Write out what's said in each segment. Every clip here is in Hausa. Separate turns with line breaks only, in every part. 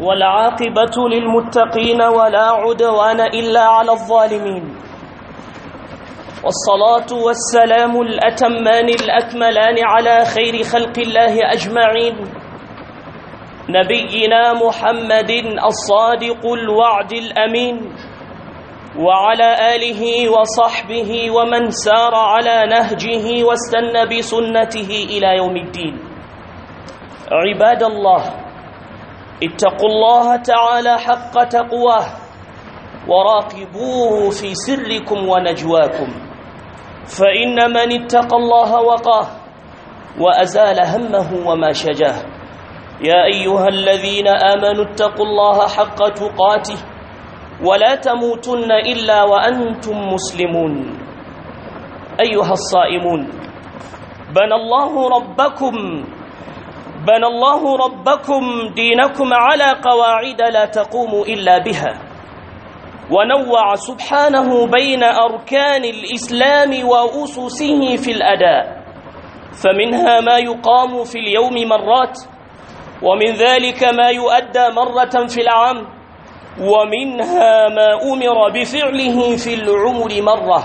والعاقبة للمتقين ولا عدوان إلا على الظالمين والصلاة والسلام الأتمان الأكملان على خير خلق الله أجمعين نبينا محمد الصادق الوعد الأمين وعلى آله وصحبه ومن سار على نهجه واستنى بسنته إلى يوم الدين عباد الله اتقوا الله تعالى حق تقواه وراقبوه في سركم ونجواكم فإن من اتقى الله وقاه وأزال همه وما شجاه يا أيها الذين آمنوا اتقوا الله حق تقاته ولا تموتن إلا وأنتم مسلمون أيها الصائمون بنى الله ربكم بنى الله ربكم دينكم على قواعد لا تقوم إلا بها ونوع سبحانه بين أركان الإسلام وأسسه في الأداء فمنها ما يقام في اليوم مرات ومن ذلك ما يؤدى مرة في العام ومنها ما أمر بفعله في العمر مرة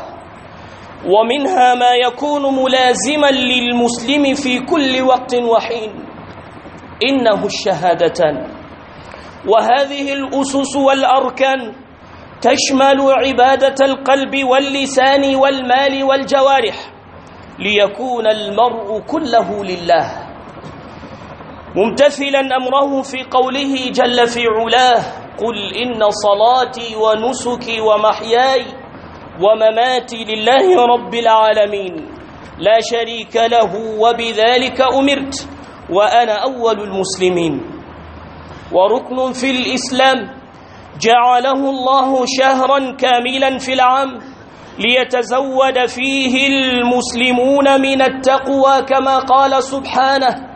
ومنها ما يكون ملازما للمسلم في كل وقت وحين إنه الشهادتان وهذه الأسس والأركان تشمل عبادة القلب واللسان والمال والجوارح ليكون المرء كله لله ممتثلا أمره في قوله جل في علاه قل إن صلاتي ونسكي ومحياي ومماتي لله رب العالمين لا شريك له وبذلك أمرت وأنا أول المسلمين وركن في الإسلام جعله الله شهرا كاملا في العام ليتزود فيه المسلمون من التقوى كما قال سبحانه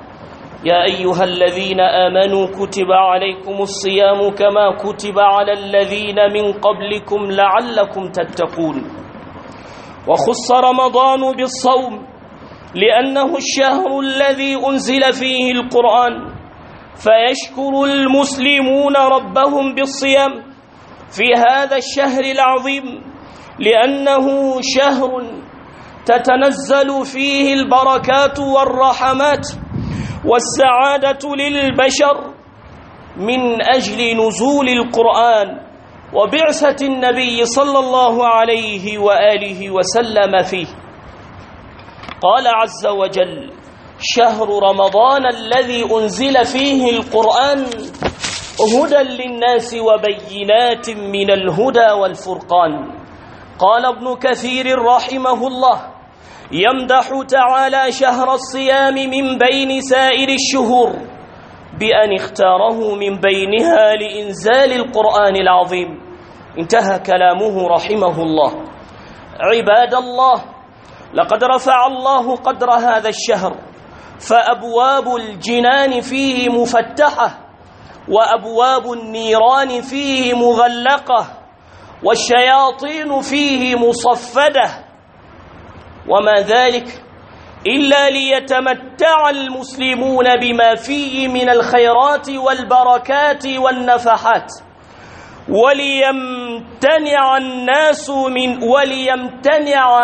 يا أيها الذين آمنوا كتب عليكم الصيام كما كتب على الذين من قبلكم لعلكم تتقون وخص رمضان بالصوم لأنه الشهر الذي أنزل فيه القرآن فيشكر المسلمون ربهم بالصيام في هذا الشهر العظيم لأنه شهر تتنزل فيه البركات والرحمات والسعادة للبشر من أجل نزول القرآن وبعثة النبي صلى الله عليه وآله وسلم فيه قال عز وجل شهر رمضان الذي أنزل فيه القرآن هدى للناس وبينات من الهدى والفرقان قال ابن كثير رحمه الله يمدح تعالى شهر الصيام من بين سائر الشهور بأن اختاره من بينها لإنزال القرآن العظيم انتهى كلامه رحمه الله عباد الله لقد رفع الله قدر هذا الشهر فابواب الجنان فيه مفتحه وابواب النيران فيه مغلقه والشياطين فيه مصفده وما ذلك الا ليتمتع المسلمون بما فيه من الخيرات والبركات والنفحات وليمتنع الناس من وليمتنع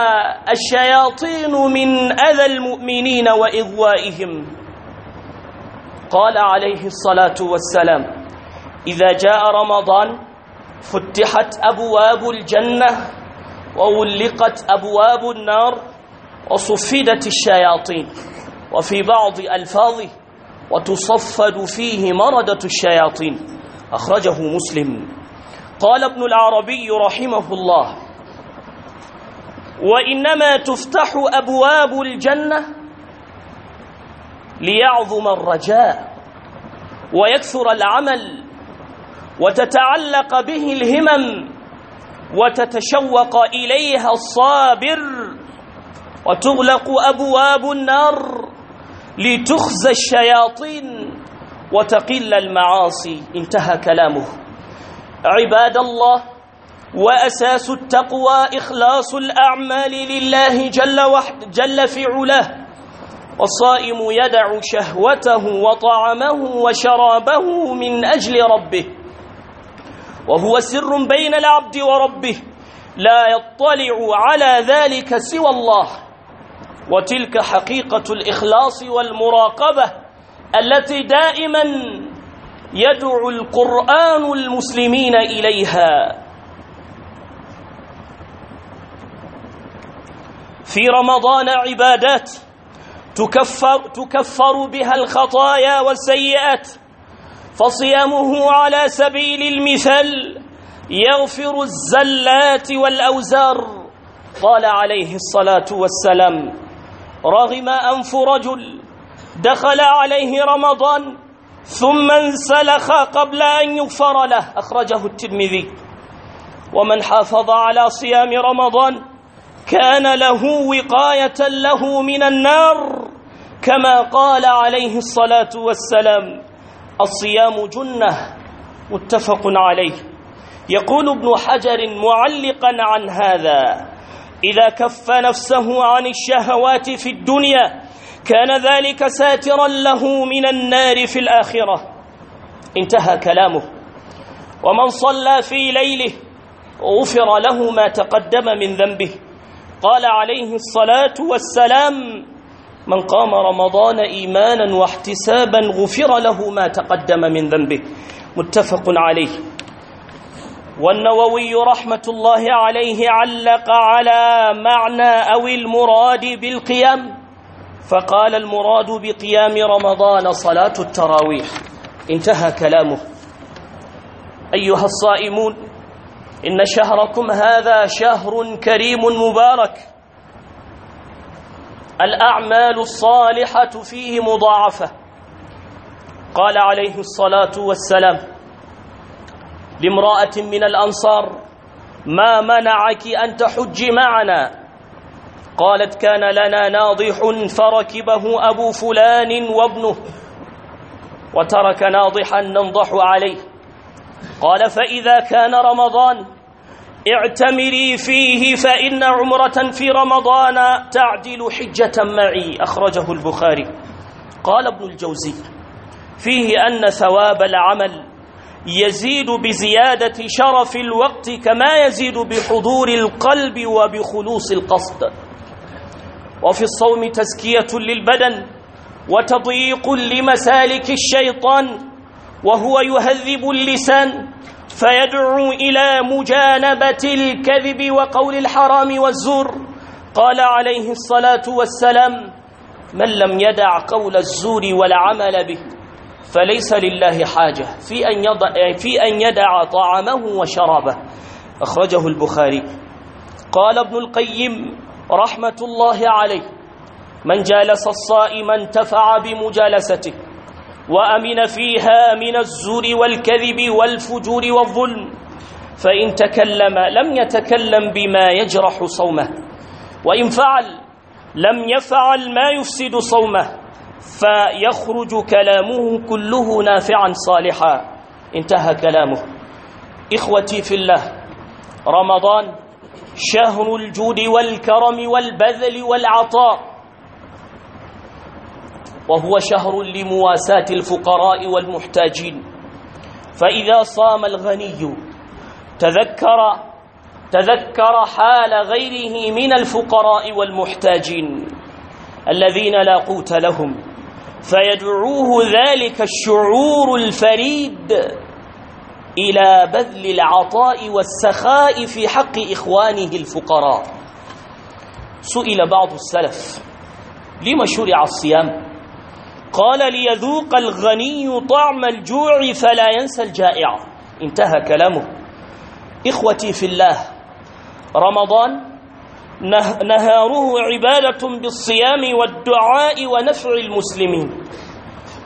الشياطين من أذى المؤمنين وإغوائهم قال عليه الصلاة والسلام إذا جاء رمضان فتحت أبواب الجنة وغلقت أبواب النار وصفدت الشياطين وفي بعض ألفاظه وتصفد فيه مردة الشياطين أخرجه مسلم قال ابن العربي رحمه الله وإنما تفتح أبواب الجنة ليعظم الرجاء ويكثر العمل وتتعلق به الهمم وتتشوق إليها الصابر وتغلق أبواب النار لتخزى الشياطين وتقل المعاصي انتهى كلامه عباد الله وأساس التقوى إخلاص الأعمال لله جل, وحد جل في علاه والصائم يدع شهوته وطعمه وشرابه من أجل ربه وهو سر بين العبد وربه لا يطلع على ذلك سوى الله وتلك حقيقة الإخلاص والمراقبة التي دائما يدعو القرآن المسلمين إليها في رمضان عبادات تكفر, تكفر بها الخطايا والسيئات فصيامه على سبيل المثال يغفر الزلات والأوزار قال عليه الصلاة والسلام رغم أنف رجل دخل عليه رمضان ثم انسلخ قبل أن يغفر له أخرجه الترمذي ومن حافظ على صيام رمضان كان له وقاية له من النار كما قال عليه الصلاة والسلام الصيام جنة متفق عليه يقول ابن حجر معلقا عن هذا إذا كف نفسه عن الشهوات في الدنيا كان ذلك ساترا له من النار في الآخرة انتهى كلامه ومن صلى في ليله غفر له ما تقدم من ذنبه قال عليه الصلاة والسلام من قام رمضان إيمانا واحتسابا غفر له ما تقدم من ذنبه متفق عليه والنووي رحمة الله عليه علق على معنى أو المراد بالقيام فقال المراد بقيام رمضان صلاة التراويح انتهى كلامه أيها الصائمون إن شهركم هذا شهر كريم مبارك الأعمال الصالحة فيه مضاعفة قال عليه الصلاة والسلام لامرأة من الأنصار ما منعك أن تحج معنا قالت كان لنا ناضح فركبه أبو فلان وابنه وترك ناضحا ننضح عليه قال فإذا كان رمضان اعتمري فيه فإن عمرة في رمضان تعدل حجة معي أخرجه البخاري قال ابن الجوزي فيه أن ثواب العمل يزيد بزيادة شرف الوقت كما يزيد بحضور القلب وبخلوص القصد وفي الصوم تزكية للبدن وتضييق لمسالك الشيطان وهو يهذب اللسان فيدعو إلى مجانبة الكذب وقول الحرام والزور قال عليه الصلاة والسلام من لم يدع قول الزور والعمل به فليس لله حاجة في أن, يضع في أن يدع طعامه وشرابه أخرجه البخاري قال ابن القيم رحمة الله عليه من جالس الصائم انتفع بمجالسته وأمن فيها من الزور والكذب والفجور والظلم فإن تكلم لم يتكلم بما يجرح صومه وإن فعل لم يفعل ما يفسد صومه فيخرج كلامه كله نافعا صالحا انتهى كلامه إخوتي في الله رمضان شهر الجود والكرم والبذل والعطاء وهو شهر لمواساة الفقراء والمحتاجين فإذا صام الغني تذكر تذكر حال غيره من الفقراء والمحتاجين الذين لا قوت لهم فيدعوه ذلك الشعور الفريد إلى بذل العطاء والسخاء في حق إخوانه الفقراء سئل بعض السلف لم شرع الصيام قال ليذوق الغني طعم الجوع فلا ينسى الجائع انتهى كلامه إخوتي في الله رمضان نهاره عبادة بالصيام والدعاء ونفع المسلمين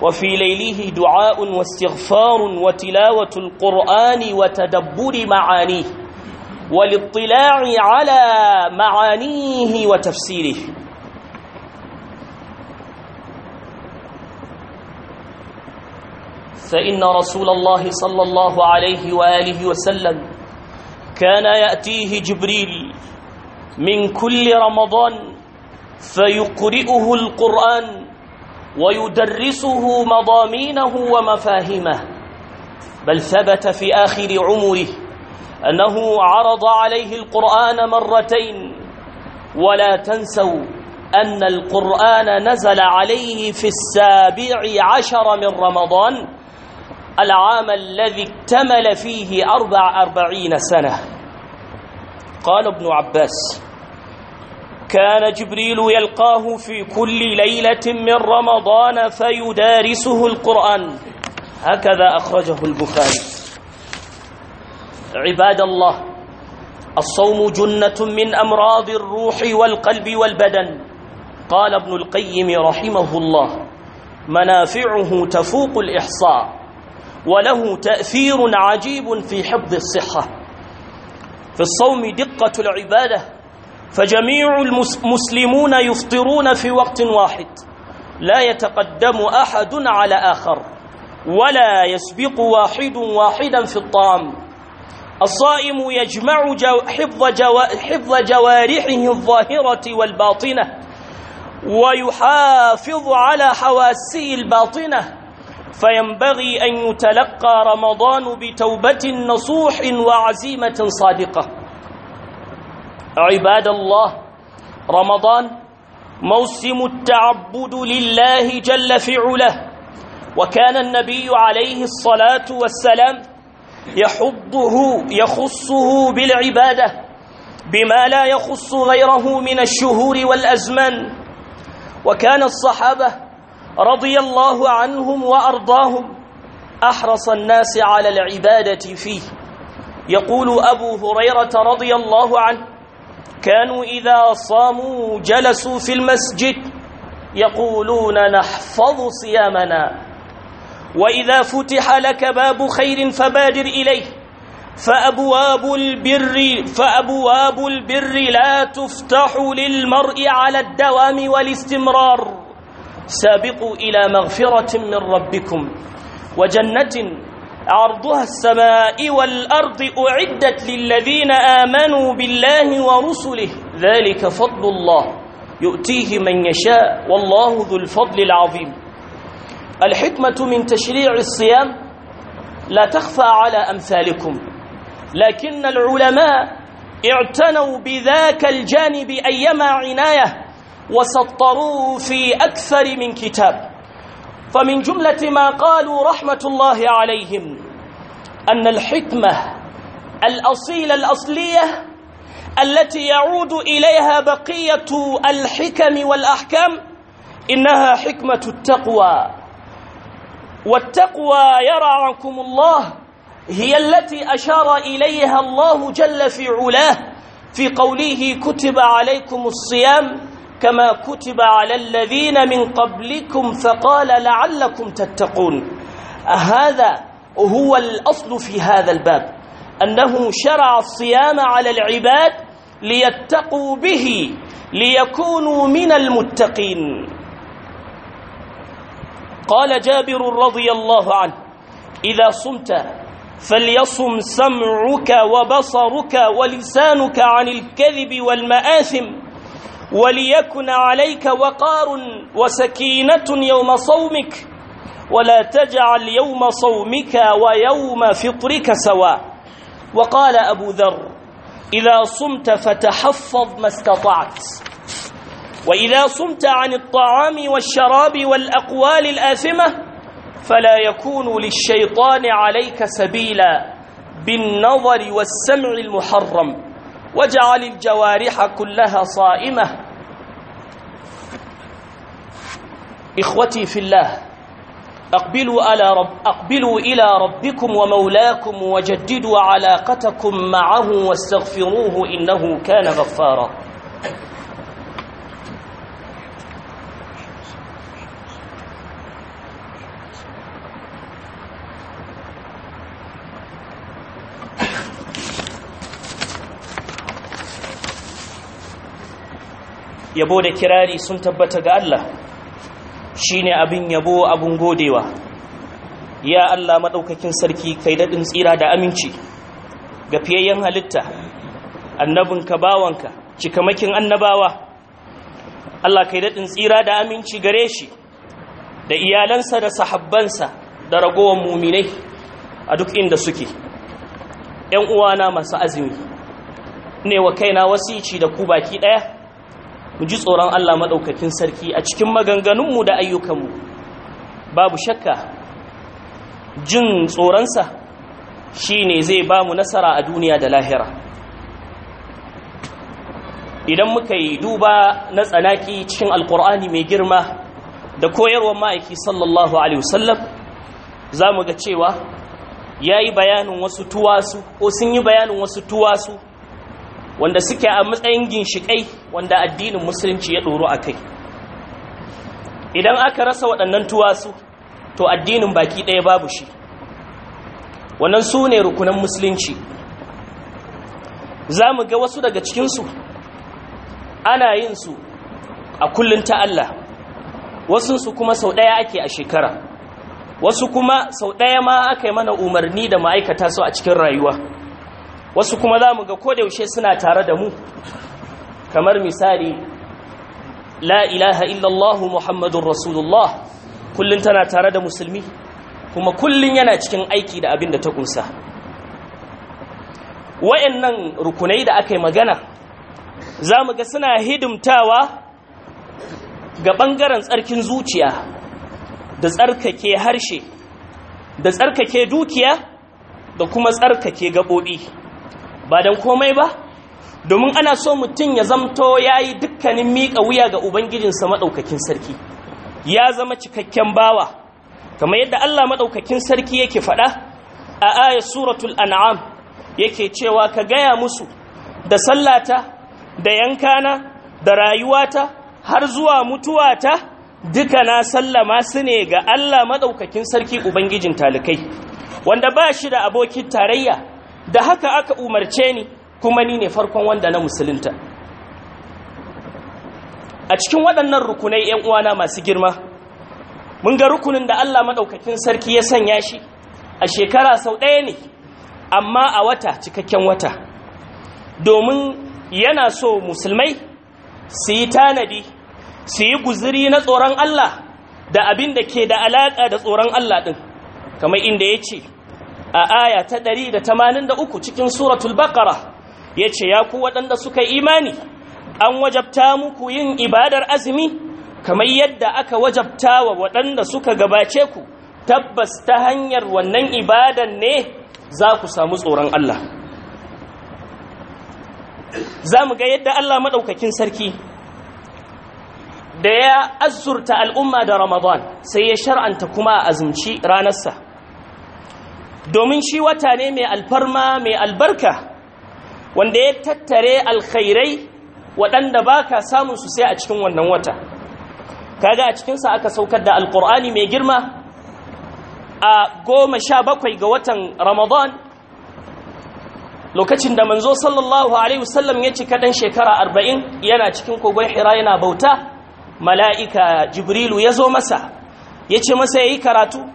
وفي ليله دعاء واستغفار وتلاوة القرآن وتدبر معانيه والاطلاع على معانيه وتفسيره فإن رسول الله صلى الله عليه وآله وسلم كان يأتيه جبريل من كل رمضان فيقرئه القرآن ويدرسه مضامينه ومفاهيمه بل ثبت في آخر عمره أنه عرض عليه القرآن مرتين ولا تنسوا أن القرآن نزل عليه في السابع عشر من رمضان العام الذي اكتمل فيه أربع أربعين سنة قال ابن عباس وكان جبريل يلقاه في كل ليلة من رمضان فيدارسه القرآن هكذا أخرجه البخاري عباد الله الصوم جنة من أمراض الروح والقلب والبدن قال ابن القيم رحمه الله منافعه تفوق الإحصاء وله تأثير عجيب في حفظ الصحة في الصوم دقة العبادة فجميع المسلمون يفطرون في وقت واحد لا يتقدم أحد على آخر ولا يسبق واحد واحدا في الطعام الصائم يجمع جو حفظ, جو حفظ جوارحه الظاهرة والباطنة ويحافظ على حواسه الباطنة فينبغي أن يتلقى رمضان بتوبة نصوح وعزيمة صادقة عباد الله رمضان موسم التعبد لله جل في علاه وكان النبي عليه الصلاة والسلام يحضه يخصه بالعبادة بما لا يخص غيره من الشهور والأزمان وكان الصحابة رضي الله عنهم وأرضاهم أحرص الناس على العبادة فيه يقول أبو هريرة رضي الله عنه كانوا إذا صاموا جلسوا في المسجد يقولون نحفظ صيامنا وإذا فتح لك باب خير فبادر إليه فأبواب البر فأبواب البر لا تفتح للمرء على الدوام والاستمرار سابقوا إلى مغفرة من ربكم وجنة عرضها السماء والأرض أعدت للذين آمنوا بالله ورسله ذلك فضل الله يؤتيه من يشاء والله ذو الفضل العظيم الحكمة من تشريع الصيام لا تخفى على أمثالكم لكن العلماء اعتنوا بذاك الجانب أيما عناية وسطروه في أكثر من كتاب فمن جملة ما قالوا رحمة الله عليهم أن الحكمة الأصيلة الأصلية التي يعود إليها بقية الحكم والأحكام إنها حكمة التقوى والتقوى يرعاكم الله هي التي أشار إليها الله جل في علاه في قوله كتب عليكم الصيام كما كتب على الذين من قبلكم فقال لعلكم تتقون هذا هو الأصل في هذا الباب أنه شرع الصيام على العباد ليتقوا به ليكونوا من المتقين قال جابر رضي الله عنه إذا صمت فليصم سمعك وبصرك ولسانك عن الكذب والمآثم وليكن عليك وقار وسكينة يوم صومك ولا تجعل يوم صومك ويوم فطرك سواء وقال أبو ذر إذا صمت فتحفظ ما استطعت وإذا صمت عن الطعام والشراب والأقوال الآثمة فلا يكون للشيطان عليك سبيلا بالنظر والسمع المحرم وجعل الجوارح كلها صائمة إخوتي في الله أقبلوا, على رب أقبلوا إلى ربكم ومولاكم وجددوا علاقتكم معه واستغفروه إنه كان غفارا yabo da kirari sun tabbata ga Allah shi ne abin yabo abin godewa ya Allah maɗaukakin sarki kai daɗin tsira da aminci ga fiyayyen halitta annabinka bawanka cikamakin annabawa Allah kai daɗin tsira da aminci gare shi da iyalansa da sahabbansa da ragowar muminai a duk inda suke ‘yan uwana masu azumi ne wa kaina wasici da ku baki ɗaya mu ji tsoron Allah maɗaukakin sarki a cikin maganganunmu da ayyukanmu babu shakka jin tsoronsa shi ne zai ba mu nasara a duniya da lahira idan muka yi duba na tsanaki cikin alkur'ani mai girma da koyarwar ma'aiki sallallahu alaihi wasallam za mu ga cewa ya yi bayanin wasu tuwasu ko sun yi bayanin wasu tuwasu wanda suke a matsayin ginshikai wanda addinin musulunci ya ɗoro a kai idan aka rasa waɗannan tuwasu to addinin baki ɗaya babu shi wannan su ne rukunan musulunci za mu ga wasu daga cikinsu ana yin su a kullum ta Allah wasunsu kuma sau ɗaya ake a shekara wasu kuma sau ɗaya ma aka yi mana umarni da ma'aikata su a cikin rayuwa wasu kuma za mu ga kodayaushe suna tare da mu kamar misali la ilaha illallah muhammadun rasulullah kullum tana tare da musulmi kuma kullum yana cikin aiki da abin da ta kunsa wayannan rukunai da aka yi magana za mu ga suna hidimtawa ga ɓangaren tsarkin zuciya da tsarkake harshe da tsarkake dukiya da kuma tsarkake gaɓoɓi ba don komai ba domin ana so mutum ya zamto ya yi dukkanin miƙa wuya ga ubangijinsa maɗaukakin sarki ya zama cikakken bawa kamar yadda allah maɗaukakin sarki yake faɗa a aya suratul an'am yake cewa ka gaya musu da sallata da yankana da rayuwata har zuwa mutuwata duka na sallama su ne ga allah maɗaukakin sarki ubangijin talikai wanda ba shi da abokin tarayya da haka aka umarce ni kuma ni ne farkon wanda na musulunta a cikin waɗannan rukunai ‘yan uwana masu girma mun ga rukunin da Allah maɗaukakin sarki ya sanya shi a shekara sau ɗaya ne amma a wata cikakken wata domin yana so musulmai su yi tanadi su yi guziri na tsoron Allah da abin da ke da alaƙa da tsoron Allah ɗin kamar inda ya ce a aya ta da da tamanin uku cikin suratul baqara yace ya ku waɗanda suka imani an wajabta muku yin ibadar azumi kamar yadda aka wajabta wa waɗanda suka gabace ku tabbas ta hanyar wannan ibadan ne za ku samu tsoron Allah za mu ga yadda Allah maɗaukakin sarki da ya azurta al'umma da Ramadan sai ya shar'anta kuma a azumci ranarsa domin shi wata ne mai alfarma mai albarka wanda ya tattare alkhairai waɗanda ba ka samun su sai a cikin wannan wata kaga a cikinsa aka saukar da alkur'ani mai girma a goma sha bakwai ga watan ramadan lokacin da manzo sallallahu alaihi wasallam ya cika kaɗan shekara arba'in yana cikin kogon hira yana bauta mala'ika jibrilu ya zo masa ya ce masa ya yi karatu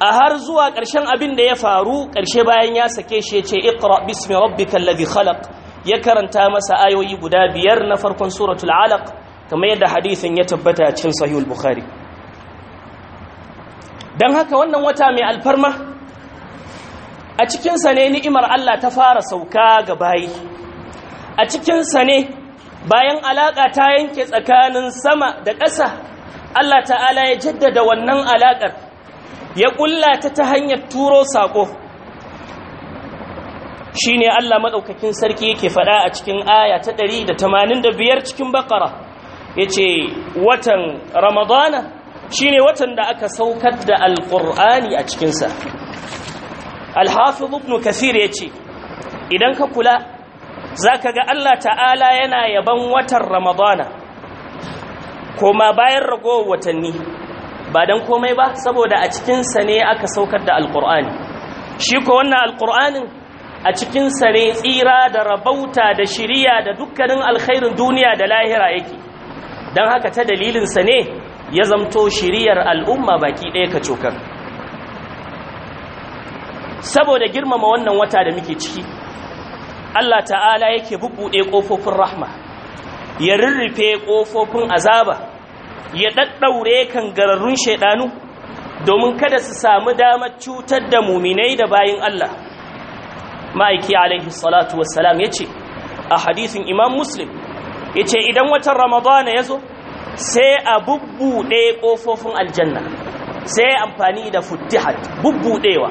a har zuwa ƙarshen abin da ya faru ƙarshe bayan ya sake shi ya ce iqra bismi rabbikal ladhi khalaq ya karanta masa ayoyi guda biyar na farkon suratul alaq kamar yadda hadisin ya tabbata a cikin sahihul bukhari dan haka wannan wata mai alfarma a cikin sa ne ni'imar Allah ta fara sauka ga bayi a cikin sa ne bayan alaka ta yanke tsakanin sama da ƙasa Allah ta'ala ya jaddada wannan alakar ya ƙulla ta ta hanyar turo saƙo shi ne Allah maɗaukakin sarki yake faɗa a cikin aya ta ɗari da tamanin da biyar cikin bakara ya ce watan ramadana shi ne watan da aka saukar da alƙur'ani a cikinsa alhafiz ibn kasir ya ce idan ka kula za ka ga Allah ta'ala yana yaban watan ramadana koma bayan ragowar watanni ba dan komai ba saboda a cikin ne aka saukar da Alkur'ani, shi ko wannan alqur'anin a cikin ne tsira da rabauta da shiriya da dukkanin alkhairin duniya da lahira yake dan haka ta dalilin sa ne ya zamto shiriyar al'umma baki ɗaya ka cokar saboda girmama wannan wata da muke ciki Allah ta'ala yake bubuɗe ƙofofin rahma ya rurrufe ƙofofin azaba ya ɗaɗɗaure kan gararrun shaiɗanu domin kada su samu damar cutar da muminai da bayan Allah ma'aiki alaihi salatu wassalam ya ce a hadisin imam muslim ya ce idan watan ramadana ya zo sai a bubbuɗe ƙofofin aljanna sai amfani da fuddihat bubbuɗewa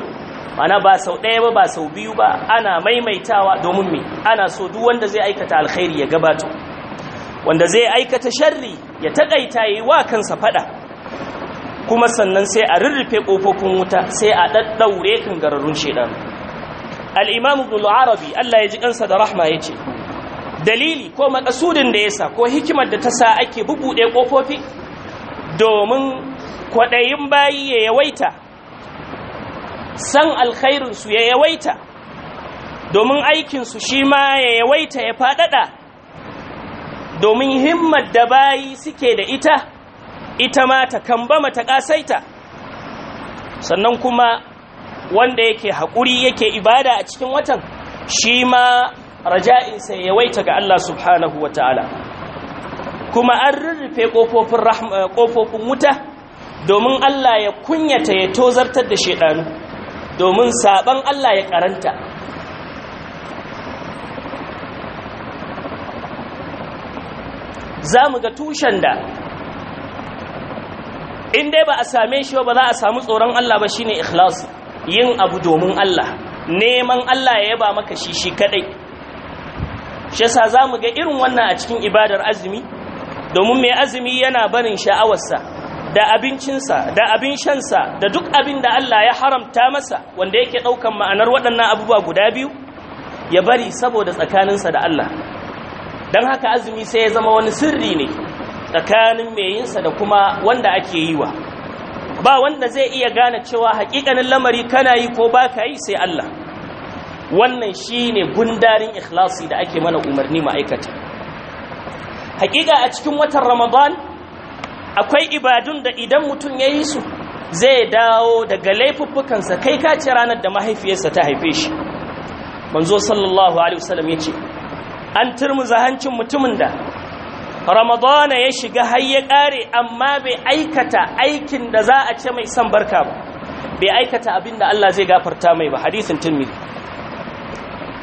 mana ba sau ɗaya ba ba sau biyu ba ana maimaitawa domin me ana so duk wanda zai aikata alkhairi ya gabato wanda zai aikata sharri ya takaita yi wa kansa fada kuma sannan sai a rurrufe kofofin wuta sai a daddaure kan gararun shedan al-imam ibn al-arabi Allah ya ji kansa da rahma yace dalili ko makasudin da yasa ko hikimar da ta sa ake bubude ƙofofi. domin kwadayin bayi ya yawaita san alkhairin su ya yawaita domin aikin su shi ma ya yawaita ya fadada domin himmar da bayi suke da ita ita ma ta kambama ta kasaita sannan kuma wanda yake haƙuri yake ibada a cikin watan shi ma raja'insa ya yawaita ga Allah subhanahu wa ta'ala kuma an rurrufe ƙofofin eh, wuta domin Allah ya kunyata ya tozartar da shaɗanu domin saɓan Allah ya ƙaranta. za mu ga tushen da in dai ba a same shi ba za a samu tsoron Allah ba shine ikhlas yin abu domin Allah neman Allah ya yaba maka shi shi kadai shi yasa za mu ga irin wannan a cikin ibadar azumi domin mai azumi yana barin sha'awarsa da abincinsa da abin shansa da duk abin da Allah ya haramta masa wanda yake ɗaukan ma'anar waɗannan abubuwa guda biyu ya bari saboda tsakaninsa da Allah don haka azumi sai ya zama wani sirri ne tsakanin mai yinsa da kuma wanda ake yi wa ba wanda zai iya gane cewa hakikanin lamari kana yi ko baka yi sai Allah wannan shi ne gundarin ikhlasi da ake mana umarni ma'aikata hakika a cikin watan ramadan akwai ibadun da idan mutum ya yi su zai dawo daga laifuffukansa kai ka kace ranar da mahaifiyarsa ta haife shi manzo sallallahu alaihi wasallam ya ce an turmuza hancin mutumin da ramadana ya shiga har ya ƙare amma bai aikata aikin da za a ce mai san barka ba bai aikata abin da Allah zai gafarta mai ba hadisin tirmidhi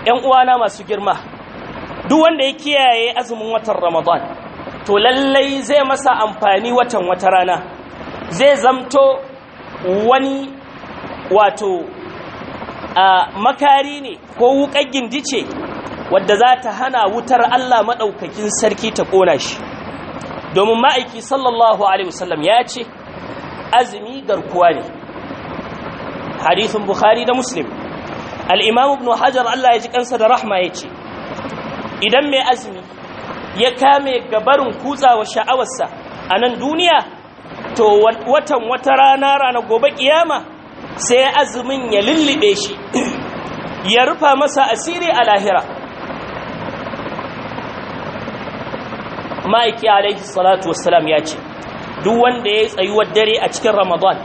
yan uwana masu girma duk wanda ya kiyaye azumin watan ramadan to lallai zai masa amfani watan wata rana zai zamto wani wato a makari ne ko wuƙar gindi ce wadda za ta hana wutar Allah maɗaukakin sarki ta ƙona shi domin ma'aiki sallallahu alaihi wasallam ya ce azumi garkuwa ne hadithun bukhari da muslim al'imam ibn hajar Allah ya ji kansa da rahma ya ce idan mai azumi ya kame gabarin kutsawa sha'awarsa a nan duniya to watan wata rana rana gobe kiyama sai azumin ya lullube shi ya rufa masa asiri a lahira ma'aiki alaihi salatu wassalam ya ce duk wanda ya tsayuwar dare a cikin ramadan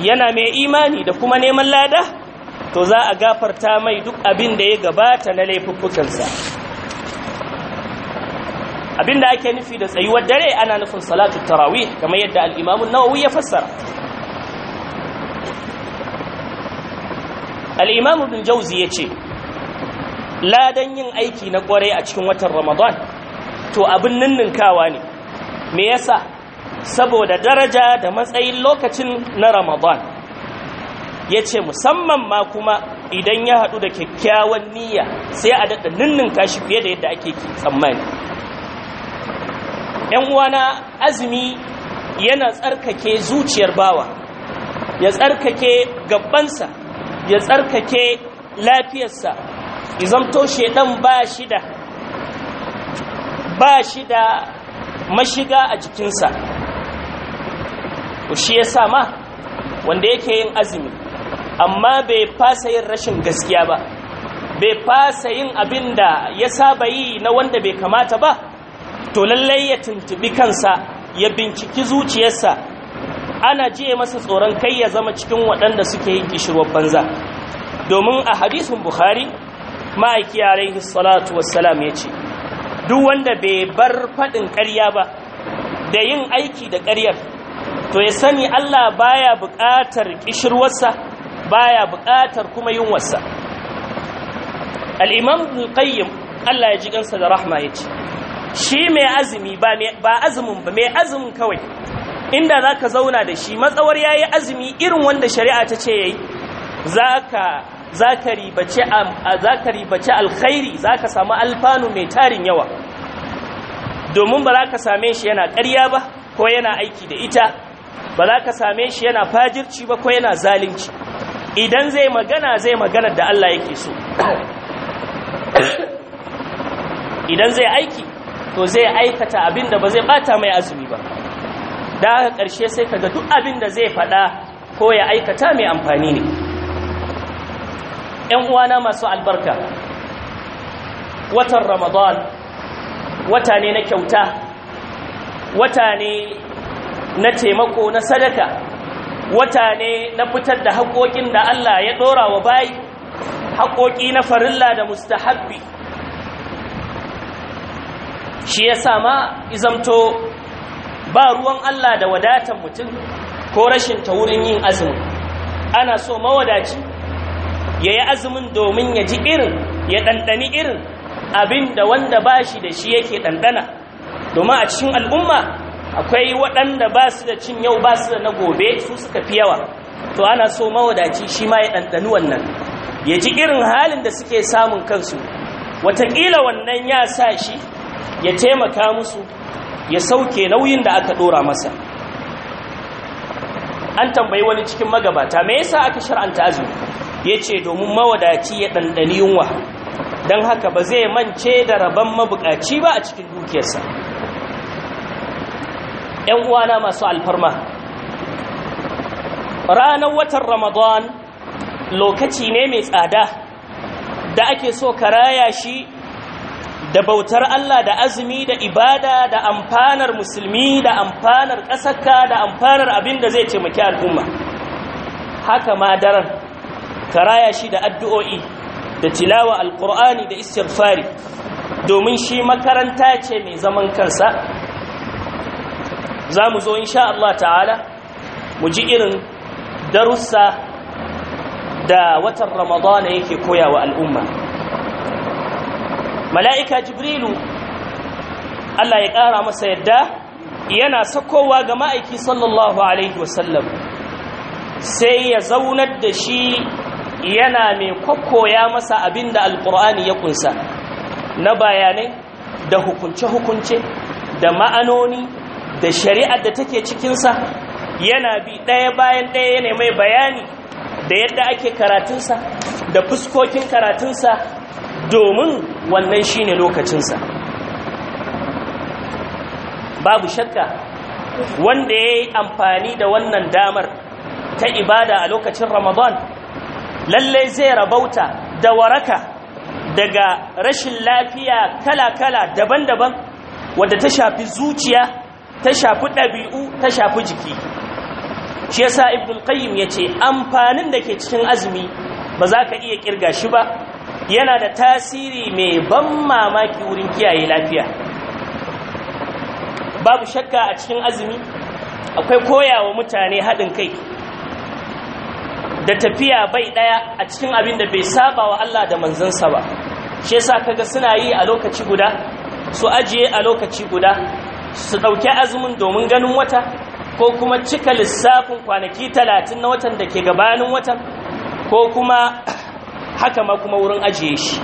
yana mai imani da kuma neman lada to za a gafarta mai duk abin da ya gabata na sa. abin da ake nufi da tsayuwar dare ana nufin salatu tarawih kamar yadda al'imamun nawawi ya fassara al'imamu bin jauzi ya ce ladan yin aiki na kwarai a cikin watan ramadan to abin ninninkawa ne me yasa saboda daraja da matsayin lokacin na ramadan ya ce musamman ma kuma idan ya haɗu da kyakkyawan niyya sai a daɗa ninninka shi fiye da yadda ake tsammani ‘yan uwana azumi yana tsarkake zuciyar bawa ya tsarkake gabansa ya tsarkake lafiyarsa izamto shedan ba shi da ba shi da mashiga a jikinsa shi ya ma wanda yake yin azumi amma bai fasa yin rashin gaskiya ba bai fasa yin abin da ya saba yi na wanda bai kamata ba to lallai ya tuntubi kansa ya binciki zuciyarsa ana jiye masa tsoron kai ya zama cikin waɗanda suke yin kishirwar banza domin a hadisin bukhari ma'aiki alaihi salatu wassalam ya ce duk wanda bai bar faɗin ƙarya ba da yin aiki da ƙaryar to ya sani Allah baya buƙatar ƙishirwarsa baya buƙatar kuma yunwarsa al'imam qayyim Allah ya ji gansa da rahma ya ce shi mai azumi ba azumin ba mai azumin kawai inda za ka zauna da shi matsawar ya yi azumi irin wanda shari'a ta ce ya yi za ka za ka ribace alkhairi za ka samu alfanu mai tarin yawa domin ba za ka same shi yana ƙarya ba ko yana aiki da ita ba za ka same shi yana fajirci ba ko yana zalunci idan zai magana zai magana da Allah yake so idan zai aiki to zai aikata abin da ba zai bata mai azumi ba da haka ƙarshe sai kaga duk abin da zai faɗa ko ya aikata mai amfani ne ‘yan uwana masu albarka watan ramadan wata ne na kyauta wata ne na taimako na sadaka wata ne na fitar da haƙoƙin da Allah ya ɗora wa bayi haƙoƙi na farilla da mustahabbi shi ya sama izamto ba ruwan Allah da wadatan mutum ko rashin ta wurin yin azumi ana so mawadaci ya yi azumin domin ya ji irin ya ɗanɗani irin abin da wanda ba shi da shi yake ɗanɗana domin a cikin al'umma akwai waɗanda ba su da cin yau ba su da na gobe su suka fi yawa to ana so mawadaci shi ma ya ɗanɗani wannan ya ji irin halin da suke samun kansu wataƙila wannan ya sa shi ya taimaka musu ya sauke nauyin da aka ɗora masa an tambayi wani cikin magabata me yasa aka shar'anta azumi ya ce domin mawadaci ya ɗanɗani yunwa don haka ba zai mance da rabon mabukaci ba a cikin dukiyarsa ‘yan uwana masu alfarma ranar watan ramadan lokaci ne mai tsada da ake so ka raya shi da bautar Allah da azumi da ibada da amfanar musulmi da amfanar ƙasarka da amfanar abin da zai taimaki al'umma haka ma karaya shi da addu'o'i da tilawa alƙur'ani da istighfari domin shi makaranta ce mai zaman kansa za mu zo insha Allah ta'ala mu ji irin darussa da watan ramadana yake wa al'umma mala'ika jibrilu Allah ya ƙara masa yadda yana sakowa ga ma'aiki sallallahu alaihi wasallam sai ya zaunar da shi yana mai kwakkoya masa abin da alkur'ani ya kunsa na bayanai da hukunce-hukunce da ma'anoni da shari'ar da take cikinsa yana bi ɗaya bayan ɗaya yana mai bayani da yadda ake karatunsa da fuskokin karatunsa domin wannan shi shine lokacinsa babu shakka wanda ya yi amfani da wannan damar ta ibada a lokacin ramadan lallai zai rabauta da waraka daga rashin lafiya kala-kala daban-daban wadda ta shafi zuciya ta shafi ɗabi'u ta shafi jiki shi yasa ibn qayyim ya ce amfanin da ke cikin azumi ba za ka iya kirga shi ba yana da tasiri mai ban mamaki wurin kiyaye lafiya babu shakka a cikin azumi akwai koyawa mutane haɗin kai da tafiya bai daya a cikin abin da bai saba wa Allah da manzansa ba shi yasa kaga suna yi a lokaci guda su ajiye a lokaci guda su dauki azumin domin ganin wata ko kuma cika lissafin kwanaki talatin na watan da ke gabanin watan ko kuma haka ma kuma wurin ajiye shi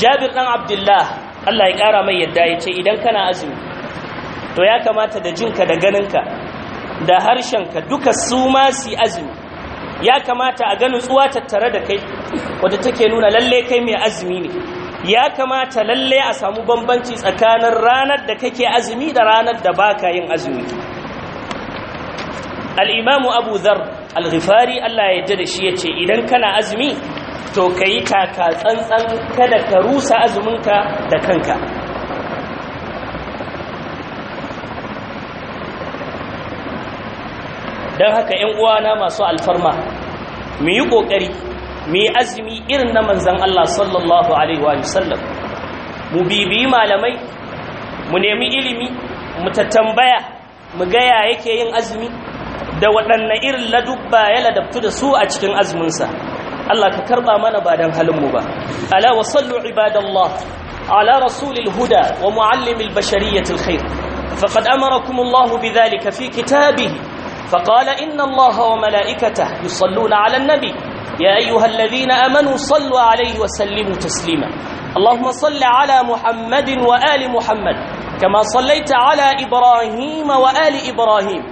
jabir ɗan abdullah Allah ya ƙara mai yadda ya ce idan kana azumi to ya kamata da jinka da ganinka da harshenka duka su ma su azumi ya kamata a ganin tsuwa tattare da kai wadda take nuna lalle kai mai azumi ne ya kamata lalle a samu bambanci tsakanin ranar da kake azumi da ranar da baka yin azumi al'imamu abu zar al-ghifari Allah ya yadda da shi ya ce idan kana azumi to ka yi taka tsantsan kada ka rusa azuminka da kanka don haka 'yan uwana masu alfarma mu yi ƙoƙari mu yi azumi irin na manzan Allah sallallahu Alaihi wasallam mu bibiyi malamai mu nemi ilimi mu ta tambaya, mu gaya yake yin azumi da waɗanne irin ladubba ya ladabtu da su a cikin azuminsa الله ka أمانة mana هلم dan ألا وصلوا عباد الله على رسول الهدى ومعلم البشرية الخير فقد أمركم الله بذلك في كتابه فقال إن الله وملائكته يصلون على النبي يا أيها الذين أمنوا صلوا عليه وسلموا تسليما اللهم صل على محمد وآل محمد كما صليت على إبراهيم وآل إبراهيم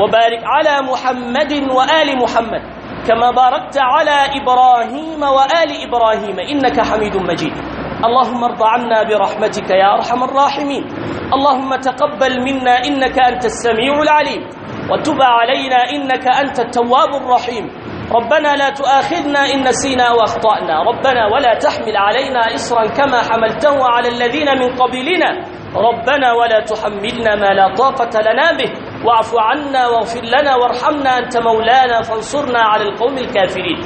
وبارك على محمد وآل محمد كما باركت على إبراهيم وآل إبراهيم إنك حميد مجيد اللهم ارض عنا برحمتك يا أرحم الراحمين اللهم تقبل منا إنك أنت السميع العليم وتب علينا إنك أنت التواب الرحيم ربنا لا تؤاخذنا إن نسينا وأخطأنا ربنا ولا تحمل علينا إصرا كما حملته على الذين من قبلنا ربنا ولا تحملنا ما لا طاقة لنا به واعف عنا واغفر لنا وارحمنا أنت مولانا فانصرنا على القوم الكافرين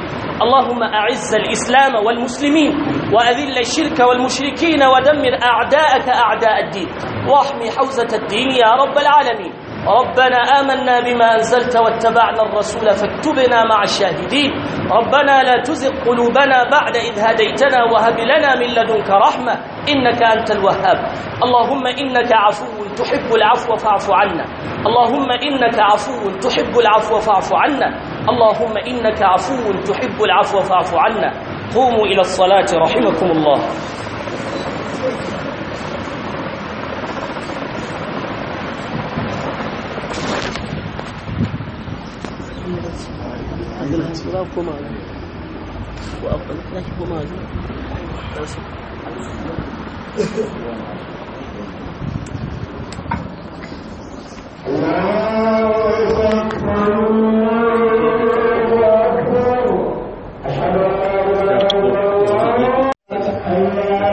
اللهم أعز الإسلام والمسلمين وأذل الشرك والمشركين ودمر أعداءك أعداء الدين واحمي حوزة الدين يا رب العالمين ربنا آمنا بما أنزلت واتبعنا الرسول فاكتبنا مع الشاهدين ربنا لا تزغ قلوبنا بعد إذ هديتنا وهب لنا من لدنك رحمة إنك أنت الوهاب اللهم إنك عفو تحب العفو فاعف عنا اللهم إنك عفو تحب العفو فاعف عنا اللهم إنك عفو تحب العفو فاعف عنا قوموا إلى الصلاة رحمكم الله lá o comando. O Alfa no flash comando. Nossa. Allahu Akbar.